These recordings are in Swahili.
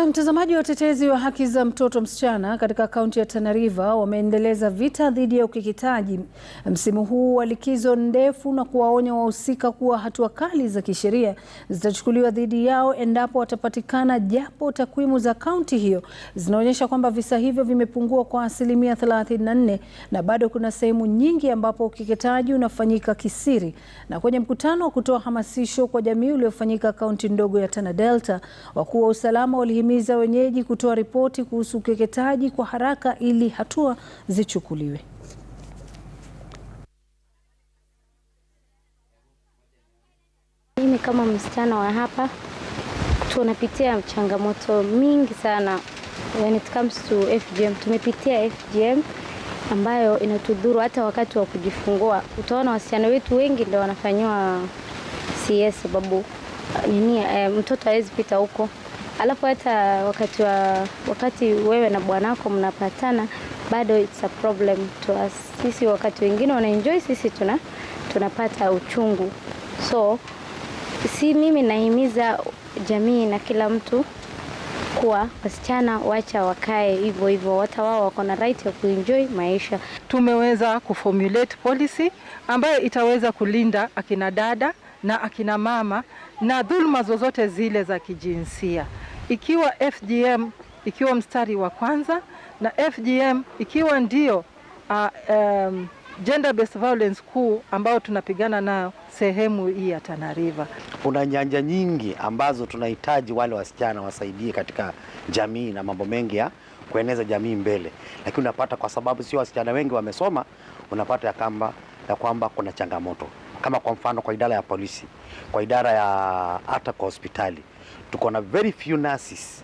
Na mtazamaji, wa watetezi wa haki za mtoto msichana katika kaunti ya Tana River wameendeleza vita dhidi ya ukeketaji msimu huu wa likizo ndefu na kuwaonya wahusika kuwa hatua kali za kisheria zitachukuliwa dhidi yao endapo watapatikana, japo takwimu za kaunti hiyo zinaonyesha kwamba visa hivyo vimepungua kwa asilimia 34 na bado kuna sehemu nyingi ambapo ukeketaji unafanyika kisiri. Na kwenye mkutano wa kutoa hamasisho kwa jamii uliofanyika kaunti ndogo ya Tana Delta, wakuu wa usalama walihimiza kuwahimiza wenyeji kutoa ripoti kuhusu ukeketaji kwa haraka ili hatua zichukuliwe. Mimi kama msichana wa hapa tunapitia changamoto mingi sana when it comes to FGM. Tumepitia FGM ambayo inatudhuru hata wakati wa kujifungua. Utaona wasichana wetu wengi ndio wanafanyiwa CS sababu eh, nini, eh, mtoto hawezi pita huko alafu hata wakati wa wakati wewe na bwanako mnapatana bado it's a problem to us. Sisi wakati wengine wanaenjoy, sisi tuna tunapata uchungu. So si mimi nahimiza jamii na kila mtu kuwa wasichana wacha wakae hivyo hivyo, hata wao wako na right ya kuenjoy maisha. Tumeweza kuformulate policy ambayo itaweza kulinda akina dada na akina mama na dhuluma zozote zile za kijinsia ikiwa FGM ikiwa mstari wa kwanza na FGM ikiwa ndio uh, um, gender based violence kuu ambayo tunapigana nayo sehemu hii ya Tana River. Kuna nyanja nyingi ambazo tunahitaji wale wasichana wasaidie katika jamii na mambo mengi ya kueneza jamii mbele, lakini unapata kwa sababu sio wasichana wengi wamesoma, unapata ya kamba ya kwamba kuna changamoto kama kwa mfano kwa idara ya polisi, kwa idara ya hata kwa hospitali tuko na very few nurses,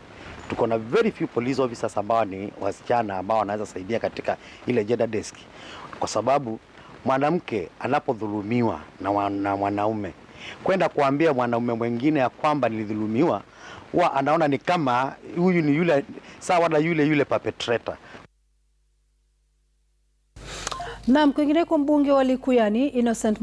tuko na very few police officers ambao ni wasichana ambao wanaweza saidia katika ile gender desk, kwa sababu mwanamke anapodhulumiwa na mwanaume kwenda kuambia mwanaume mwingine ya kwamba nilidhulumiwa, huwa anaona ni kama huyu ni yule saa wala yule yule perpetrator. Naam, kwingineko mbunge wa Likuyani Innocent